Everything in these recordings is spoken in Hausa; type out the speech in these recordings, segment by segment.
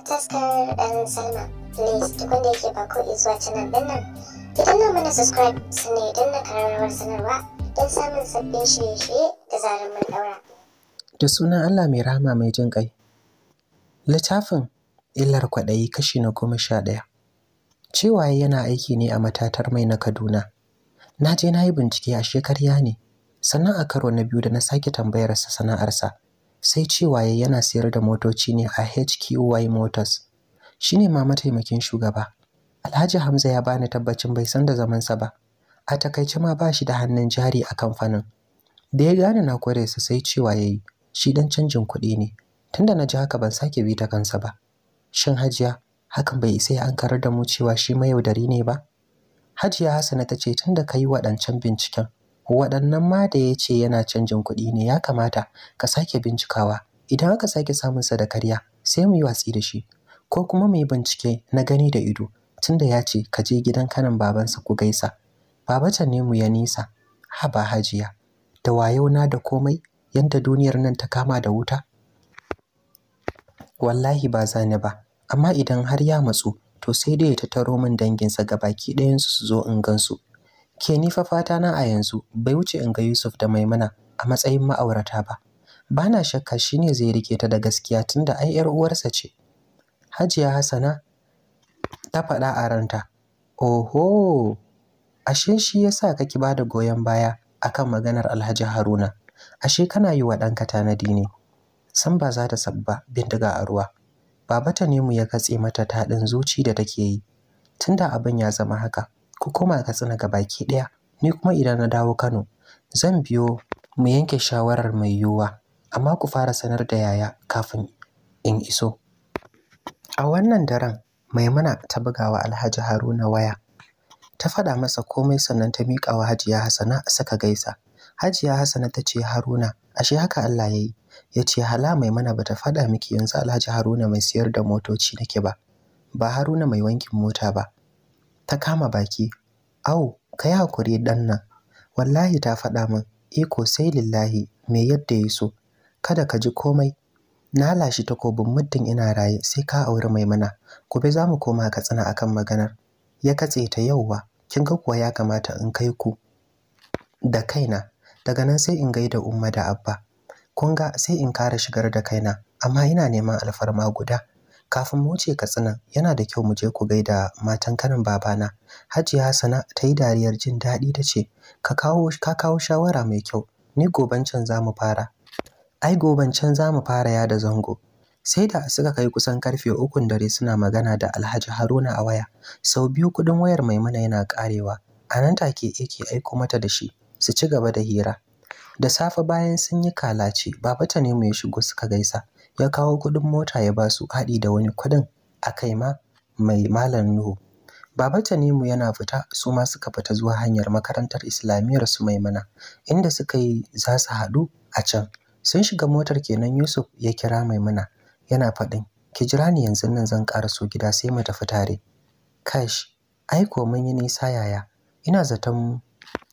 da taskar ɗan salma please duk wanda yake ba ko zuwa canal ɗin nan ki danna mana subscribe sannan idan na kararrawar sanarwa don samun sabbin shirye-shirye da zarar mun ɗaura. da sunan allah mai rahama mai jin ƙai littafin illar kwaɗayi kashi na goma sha ɗaya cewa yana aiki ne a matatar mai na kaduna na je na yi bincike a shekarya ne sannan a karo na biyu da na sake tambayarsa sana'arsa sai cewa yana sayar da motoci ne a HQY Motors Shi ne ma mataimakin shugaba Alhaji Hamza ya bani tabbacin bai san da zamansa ba a takaice ma ba shi da hannun jari a kamfanin da ya gane na kware sa sai cewa yayi shi dan canjin kuɗi ne tunda na ji haka ban sake bi ta kansa ba shin Hajiya hakan bai isa ya ankarar da mu cewa shi mayaudari ne ba Hajiya Hassana ta ce tunda kai waɗancan binciken waɗannan ma da ya ce yana canjin kuɗi ne ya kamata ka sake bincikawa idan aka sake samun sa da karya sai mu yi watsi da shi ko kuma mu yi bincike na gani da ido tunda ya ce ka je gidan kanin babansa ku gaisa babata ne mu ya nisa haba hajiya da wayo na da komai yanda duniyar nan ta kama da wuta wallahi ba za ni ba amma idan har ya matsu to sai dai ya tattaro min danginsa ga baki ɗayansu su zo in gansu Ke ni fa fata na a yanzu bai wuce in ga Yusuf da Maimuna a matsayin ma'aurata ba. Bana shakka shi ne zai rike ta da gaskiya tunda ai yar uwarsa ce. Hajiya Hassana ta faɗa a ranta. Oho, ashe shi ya sa kake ba da goyon baya akan maganar Alhaji Haruna. Ashe kana yi wa ɗanka tanadi ne. San ba za ta sabba bindiga a ruwa. Baba mu ya katse mata taɗin zuci da take yi. Tunda abin ya zama haka, ku koma Katsina ga baki ɗaya ni kuma idan na dawo Kano zan biyo mu yanke shawarar mai yiwuwa amma ku fara sanar da yaya kafin in iso a wannan daren Maimuna ta bugawa Alhaji Haruna waya ta faɗa masa komai sannan ta miƙa wa Hajiya Hassana suka gaisa Hajiya Hassana ta ce Haruna ashe haka Allah ya yi ya ce hala Maimuna ta faɗa miki yanzu Alhaji Haruna mai siyar da motoci nake ba ba Haruna mai wankin mota ba ta kama baki au ka yi hakuri ɗan nan wallahi ta faɗa min iko sai lillahi me yadda ya so kada ka ji komai na lashi takobin muddin ina raye sai ka auri mai mana. gobe za mu koma ka tsina akan maganar ya katse ta yauwa kin ga kuwa ya kamata in kai ku da kaina daga nan sai in gai da umma da abba kun ga sai in kara shigar da kaina amma ina neman alfarma guda kafin mu wuce katsina yana da kyau mu je ku gaida matan kanin babana hajiya hassana ta yi dariyar jin daɗi ta ce ka kawo shawara mai kyau ni goban can za mu fara ai goban can za mu fara ya da zango sai da suka kai kusan karfe ukun dare suna magana da alhaji haruna a waya sau biyu kuɗin wayar maimuna yana ƙarewa a nan take yake aiko mata da shi su ci gaba da hira da safe bayan sun yi kalace babata ne mu ya shigo suka gaisa ya kawo kuɗin mota ya ba su haɗi da wani kuɗin a kai ma mai malam Nuhu. Baba Tanimu yana fita su ma suka fita zuwa hanyar makarantar Islamiyyar su Maimuna inda suka yi za su haɗu a can. Sun shiga motar kenan Yusuf ya kira Maimuna yana faɗin ki jira ni yanzu nan zan so gida sai mu tafi tare. Kash, ai ko mun yi nisa yaya, ina zaton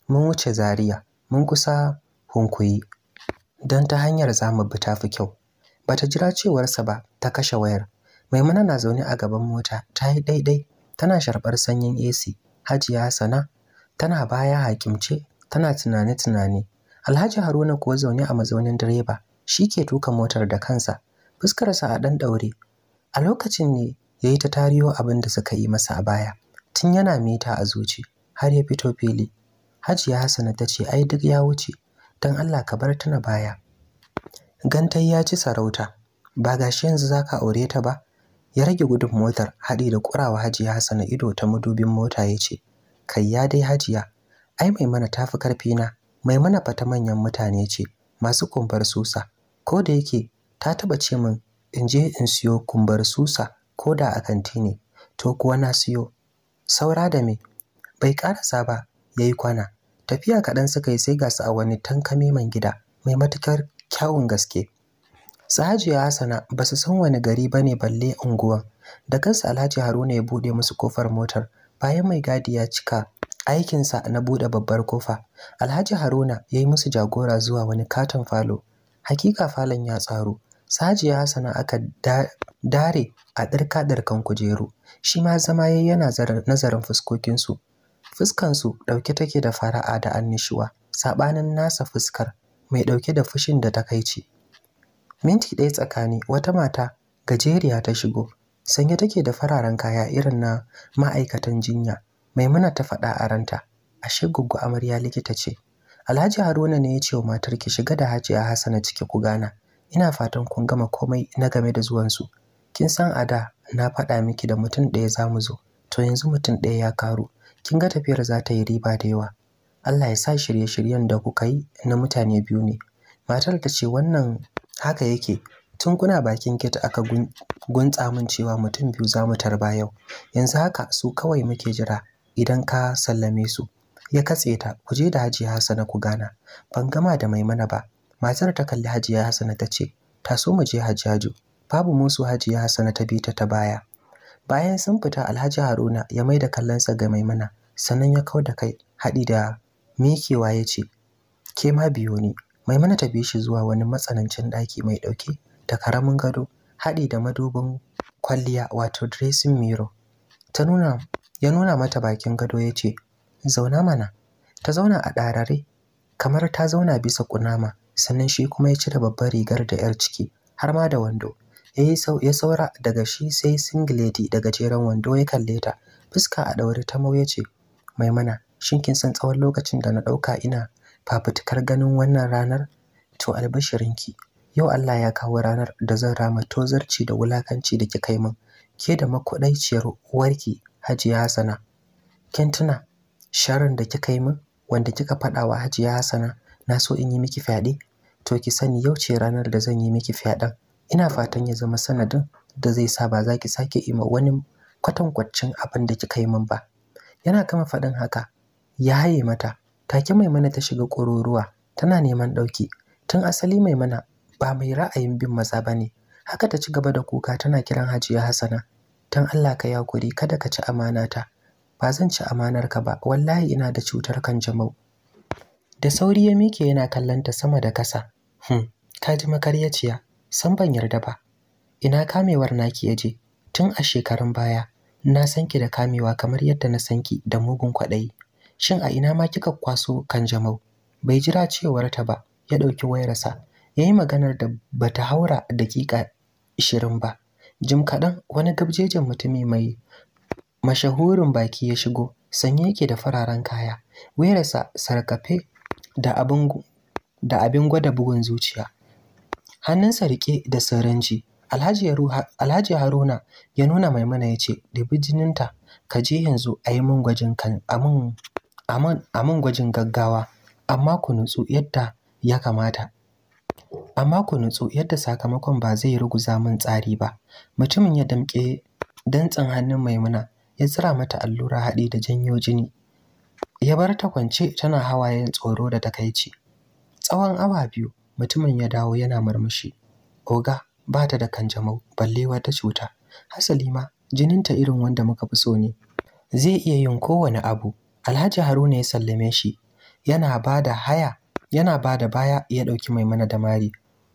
mun wuce Zaria, mun kusa hunkuyi. Don ta hanyar za mu bi tafi kyau. Ba ta jira cewarsa ba ta kashe wayar maimuna na zaune a gaban mota ta yi daidai tana sharbar sanyin ac hajiya sana tana baya hakimce tana tunane-tunane alhaji haruna kuwa zaune a mazaunin direba shi ke tuka motar da kansa fuskarsa a ɗan ɗauri, a lokacin ne ya yi ta tariyo abin da suka yi masa a baya tun yana mita a zuci har ya fito fili hajiya Hassana ta ce ai duk ya wuce don allah ka bar tuna baya gantai ya ci sarauta ba ga shi yanzu za ka aure ta ba ya rage gudun motar haɗi da ƙurawa hajiya hassana ido ta madubin mota ya ce kai ya dai hajiya ai maimuna ta fi karfi na maimuna fa ta manyan mutane ce masu kumbar susa ko da yake ta taɓa ce min in je in siyo kumbar susa ko da a kanti ne to kuwa na siyo saura da me bai karasa ba ya yi kwana tafiya kaɗan suka yi sai ga su a wani tankami man gida mai matukar kyawun gaske Sahaji ya hasana ba su san wani gari ba ne balle unguwan da kansa alhaji haruna ya buɗe musu kofar motar bayan mai gadi ya cika aikinsa na buɗe babbar kofa alhaji haruna ya yi musu jagora zuwa wani katon falo hakika falon ya tsaro sajiya hasana aka dare a ɗirka-ɗirkan kujeru shi ma zama ya yana nazarin fuskokinsu fuskansu ɗauke take da fara'a da annishuwa saɓanin nasa fuskar mai ɗauke da fushin da takaici minti ɗaya tsakani wata mata gajeriya ta shigo sanye take da fararen kaya irin na ma'aikatan jinya maimuna ta faɗa a ranta ashe Goggo amarya likita ce alhaji haruna ne ya ce wa matar ki shiga da a hassana ciki ku gana ina fatan kun gama komai na game da zuwansu kin san a da na faɗa miki da mutum ɗaya za mu zo to yanzu mutum ɗaya ya karu kin ga tafiyar za ta yi riba da yawa Allah ya sa shirye-shiryen da kuka yi na mutane biyu ne matar ta ce wannan haka yake tun kuna bakin gate aka guntsa mun cewa mutum biyu za mu tarba yau yanzu haka su kawai muke jira idan ka sallame su ya katse ta ku je da hajiya hassana ku gana ban gama da maimuna ba matar ta kalli hajiya hassana ta ce ta so mu je hajjaju babu musu hajiya hassana ta bi ta ta baya bayan sun fita alhaji haruna ya mai da kallonsa ga maimuna sannan ya kau da kai haɗi da mikewa ya ce ke ma biyo ne maimuna ta bi shi zuwa wani matsanancin ɗaki mai ɗauke da karamin gado haɗi da madubin kwalliya wato dressing mirror ta nuna ya nuna mata bakin gado ya ce zauna mana ta zauna a ɗarare kamar ta zauna bisa kunama sannan shi kuma ya cire babbar rigar da 'yar ciki har ma da wando ya saura daga shi sai singileti da gajeren wando ya kalle ta fuska a ɗaure ta mau ya ce maimuna shin kin san tsawon lokacin da na ɗauka ina fafutukar ganin wannan ranar to albashirinki yau Allah ya kawo ranar da zan rama tozarci da wulakanci da kika yi min ke da makwaɗaiciyar uwarki Hajiya hasana kin tuna sharrin da kika yi min wanda kika faɗa wa Hajiya Hassana na so in yi miki fyaɗe to ki sani yau ce ranar da zan yi miki fyaɗen ina fatan ya zama sanadin da zai sa ba za ki sake ima wani kwatankwacin abin da kika yi min ba yana kama faɗin haka ya haye mata take maimuna ta shiga ƙururuwa tana neman ɗauki tun asali maimuna ba mai ra'ayin bin maza ba ne haka ta ci gaba da kuka tana kiran hajiya hassana Tun allah ka yakuri kada ka ci amana ta ba zan ci amanar ka ba wallahi ina da cutar kan jama'u. da sauri ya mike yana kallon ta sama da kasa hmm. ka ji makaryaciya san ban yarda ba ina kamewar naki ya tun a shekarun baya na san ki da kamewa kamar yadda na sanki da mugun kwaɗayi shin a ina ma kika kwaso kan kanjamau bai jira cewar ta ba ya ɗauki wayarsa ya yi maganar da bata haura dakika ishirin ba jim kaɗan wani gabjejen mutumi mai mashahurin baki ya shigo sanye yake da fararen kaya wayarsa sarkafe da abin gwada bugun zuciya hannunsa Rike da sirinji alhaji haruna ya nuna maimuna ya ce da bijininta. ka je yanzu a yi min gwajin kan amin a man gwajin gaggawa amma ku nutsu yadda ya kamata amma ku nutsu yadda sakamakon ba zai ruguza min tsari ba mutumin ya damƙe dantsin hannun maimuna ya tsira mata allura haɗe da janyo jini ya bar ta kwance tana hawayen tsoro da takaici tsawon awa biyu mutumin ya dawo yana murmushi oga ba ta da kanjamau balle wata cuta hasali ma jininta irin wanda muka fi so ne zai iya yin kowane abu Alhaji Haruna ya sallame shi yana ba da haya yana ba da baya ya ɗauki Maimuna da Mari.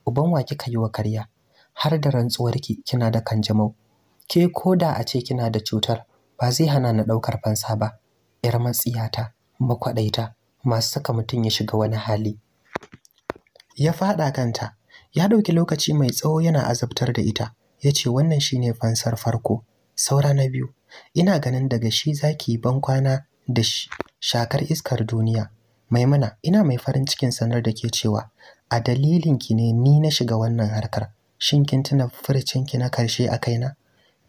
Uban wa kika yi wa karya har da rantsuwarki kina da kanjamau. Ke ko da a ce kina da cutar ba zai hana na ɗaukar fansa ba. ‘Yar matsiyata, makwaɗaita, masu saka mutum ya shiga wani hali. Ya faɗa kanta, ya ɗauki lokaci mai tsawo yana azabtar da ita, ya ce wannan shine fansar farko, saura na biyu, ina ganin daga shi zaki ban kwana da shakar iskar duniya maimuna ina mai farin cikin sanar da ke cewa a dalilin ki ne ni na shiga wannan harkar shin kin tuna furcin ki na karshe a kaina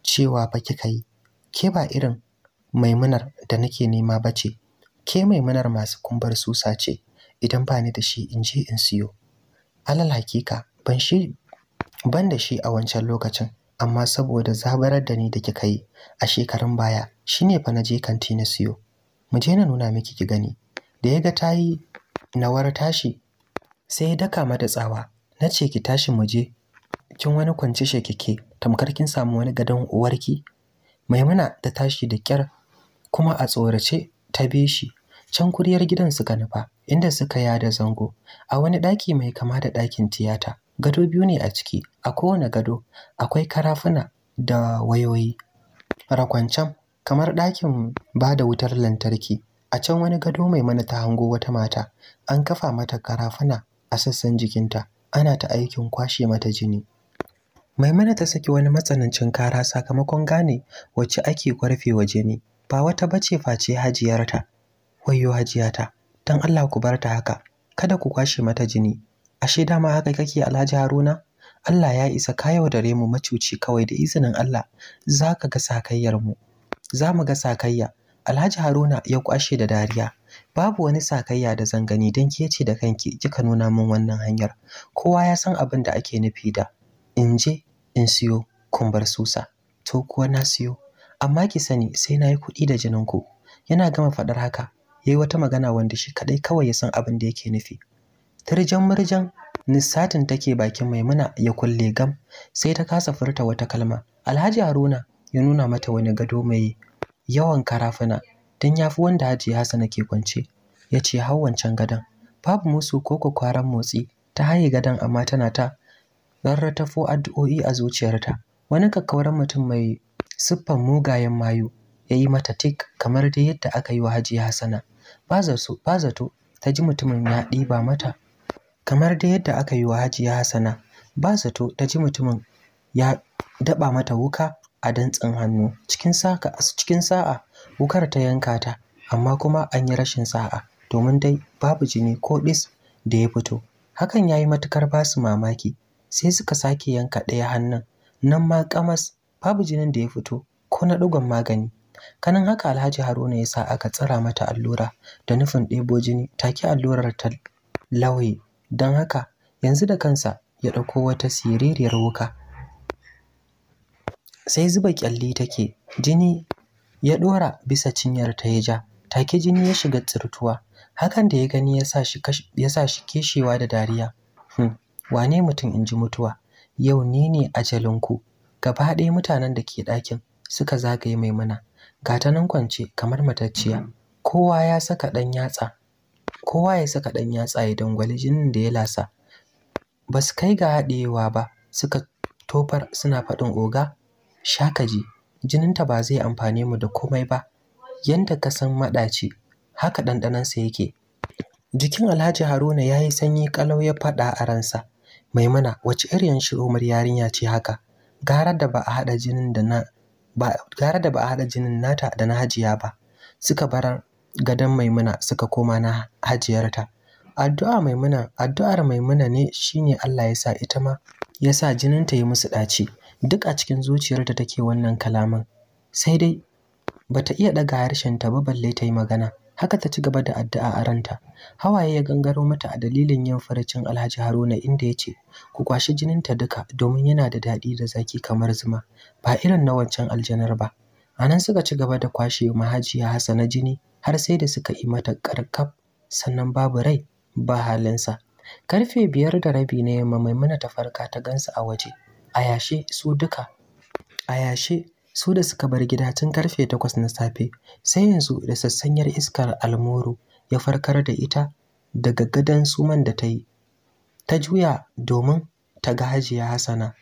cewa fa kika yi ke ba irin maimunar da nake nema ba ce? ke maimunar masu kumbar susa ce idan ba ni da shi in je in siyo alal hakika ban shi ban da shi a wancan lokacin amma saboda zabarar da ni da kika yi a shekarun baya shine fa na je kanti na siyo mu je na nuna miki ki gani da ya ga ta yi nawar tashi sai ya daka mata tsawa na ce ki tashi mu je kin wani kwanci kike tamkar kin samu wani gadon uwarki maimuna ta tashi da kyar kuma a tsorace ta bi shi can kuriyar gidan suka nufa inda suka yada zango a wani daki mai kama da dakin tiyata gado biyu ne a ciki a kowane gado akwai karafuna da wayoyi rakwancan kamar ɗakin ba da wutar lantarki a can wani gado mai mana ta hango wata mata an kafa mata karafuna a sassan jikinta ana ta aikin kwashe mata jini maimuna ta saki wani matsanancin kara sakamakon gane wacce ake kwarfe wa jini ba wata bace face hajiyarta wayo hajiyata don Allah ku bar ta haka kada ku kwashe mata jini ashe dama haka kake Alhaji Haruna Allah ya isa ka yaudare mu macuci kawai da izinin Allah za ka ga sakayyar mu za mu ga sakayya alhaji haruna ya kwashe da dariya babu wani sakayya da zan gani don ke ce da kanki kika nuna min wannan hanyar kowa ya san abin da ake nufi da in je in siyo kun bar susa to kuwa na siyo amma ki sani sai na yi kuɗi da jinin ku yana gama faɗar haka ya yi wata magana wanda shi kaɗai kawai ya san abin da yake nufi tirjan murjan nissatin take bakin maimuna ya kulle gam sai ta kasa furta wata kalma alhaji haruna ya nuna mata wani gado mai yawan karafuna don ya fi wanda hajiya hassana ke kwance ya ce hau wancan gadon babu musu ko kwakwaran motsi ta haye gadon amma tana ta rarratafo addu'o'i a zuciyarta wani kakkauran mutum mai siffan mugayen mayu ya yi mata tik kamar dai yadda aka yi wa hajiya hassana ba zato ta ji mutumin ya ɗiba mata kamar dai yadda aka yi wa hajiya hassana ba zato ta ji mutumin ya daɓa mata wuka a dantsin hannu cikin sa'a wukar ta yanka ta amma kuma an yi rashin sa'a domin dai babu jini ko dis da ya fito hakan yayi yi matukar basu mamaki sai suka sake yanka ɗaya hannun nan ma kamas babu jinin da ya fito ko na ɗigon magani kanin haka alhaji haruna ya sa aka tsara mata allura da nufin ɗebo jini take allurar ta lauye don haka yanzu da kansa ya ɗauko wata siririyar wuka sai zuba kyalli take jini ya ɗora bisa cinyar ta ya ja take jini ya shiga tsirtuwa hakan da ya gani ya sa shi ya keshewa da dariya hmm. wane mutum in ji mutuwa yau ni ne ajalinku gaba ɗaya mutanen da ke ɗakin suka zagaye maimuna ga ta nan kwance kamar matacciya kowa ya saka ɗan yatsa kowa ya saka ɗan yatsa ya dangwali jinin da ya lasa ba su kai ga haɗewa ba suka tofar suna faɗin oga shakaji ka ji jininta ba zai amfane mu da komai ba yanda ka san madaci haka sa yake jikin alhaji haruna ya yi sanyi kalau ya faɗa a ransa maimuna wace irin umar yarinya ce haka gara da ba a haɗa jinin da na ba gara da ba a haɗa jinin nata da na hajiya ba suka bar gadon maimuna suka koma na hajiyarta addu'a maimuna addu'ar maimuna ne shine Allah ya sa ita ma ya sa jinin ta yi musu ɗaci duk a cikin zuciyar da take wannan kalaman sai dai bata iya daga harshen ta ba balle ta yi magana haka ta ci gaba da addu'a a ranta hawaye ya gangaro mata a dalilin yin farcin Alhaji Haruna inda ya ce ku kwashi jininta duka domin yana da daɗi da zaki kamar zuma ba irin na wancan aljanar ba anan suka ci gaba da kwashe mahajiya Hassana jini har sai da suka yi mata karkab sannan babu rai ba halinsa karfe biyar da rabi ne yamma maimuna ta farka ta gansa a waje a yashe su duka a yashe su da suka bar gida tun karfe takwas na safe sai yanzu da sassanyar iskar almoro ya farkar da ita daga gadon suman da ta yi ta juya domin ta ga hajiya hasana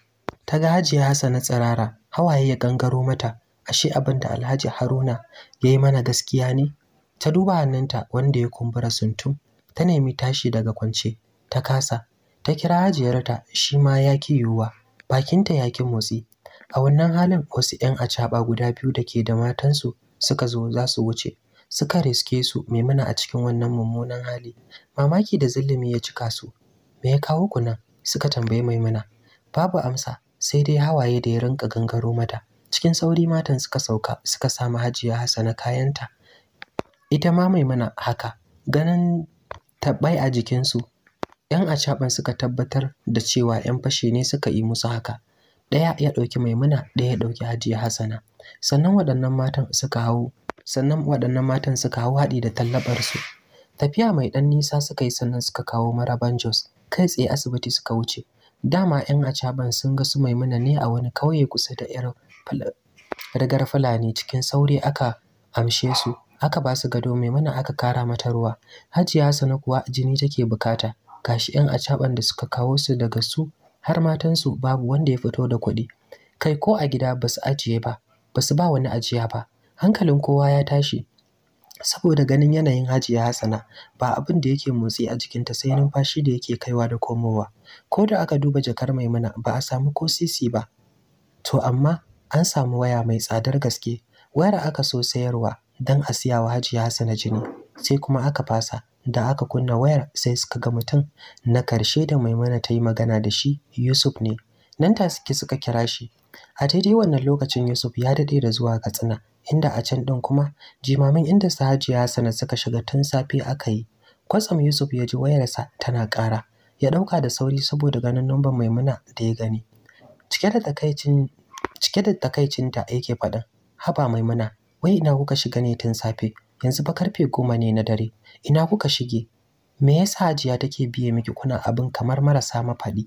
ta ga hajiya hasana tsirara hawaye ya gangaro mata ashe abin da alhaji haruna ya yi mana gaskiya ne ta duba hannunta wanda ya kumbura suntum ta nemi tashi daga kwance ta kasa ta kira hajiyarta shi ma ya ki yiwuwa bakinta ya ki motsi a wannan halin wasu 'yan acaɓa guda biyu da ke da matansu suka zo za su wuce suka riske su maimuna a cikin wannan mummunan hali mamaki da zulumi ya cika su me ya kawo ku nan suka tambayi maimuna babu amsa sai dai hawaye da ya rinka gangaro mata cikin sauri matan suka sauka suka samu hajiya hasana kayanta ita ma maimuna haka ganin taɓai a jikinsu 'yan acaɓan suka tabbatar da cewa 'yan fashe ne suka yi musu haka ɗaya ya ɗauki maimuna ɗaya ya ɗauki hajiya hassana sannan waɗannan matan suka hau sannan waɗannan matan suka hau haɗi da tallabarsu tafiya mai ɗan nisa suka yi sannan suka kawo maraban jos kai tsaye asibiti suka wuce dama 'yan acaban sun ga su maimuna ne a wani kauye kusa da 'yar rigar fulani cikin sauri aka amshe su aka ba su gado maimuna aka kara mata ruwa hajiya hassana kuwa jini take bukata gashi 'yan acaɓan da suka kawo su daga su har matansu babu wanda ya fito da kuɗi kai ko a gida ba su ajiye ba ba su ba wani ajiya ba hankalin kowa ya tashi saboda ganin yanayin hajiya hassana ba abin da yake motsi a jikinta sai numfashi da yake kaiwa da komowa ko da aka duba jakar maimuna ba a samu ko sisi ba to amma an samu waya mai tsadar gaske wayar aka so sayarwa don a siya wa hajiya hassana jini sai kuma aka fasa da aka kunna wayar sai suka ga mutum na karshe da maimuna ta yi magana da shi yusuf ne nan ta suke suka kira shi a daidai wannan lokacin yusuf ya daɗe da zuwa katsina inda a can ɗin kuma jimamin inda sahaji ya sana suka shiga tun safe aka yi kwatsam yusuf ya ji wayarsa tana ƙara ya ɗauka da sauri saboda ganin numban maimuna da ya gani cike da takaicin cike da takaicinta yake faɗin haba maimuna wai ina kuka shiga ne tun safe yanzu ba karfe goma ne na dare ina kuka shige me yasa hajiya take biye miki kuna abin kamar marasa mafaɗi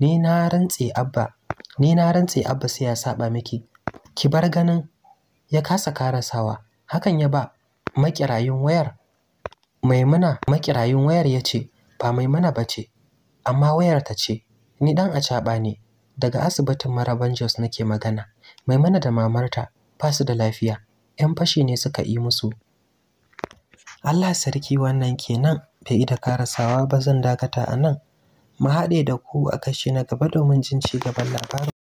ni na rantse abba ni na rantse abba sai ya saba miki ki bar ganin ya kasa karasawa hakan ya ba makirayin wayar maimuna makirayin wayar ya ce ba maimuna ba ce amma wayar ta ce ni dan acaɓa ne daga asibitin maraban jos nake magana maimuna da mamarta ba su da lafiya 'yan fashi ne suka yi musu Allah sarki wannan kenan bai da karasawa ba zan dakata a nan mu haɗe da ku a kashi na gaba domin jin ci gaban labarin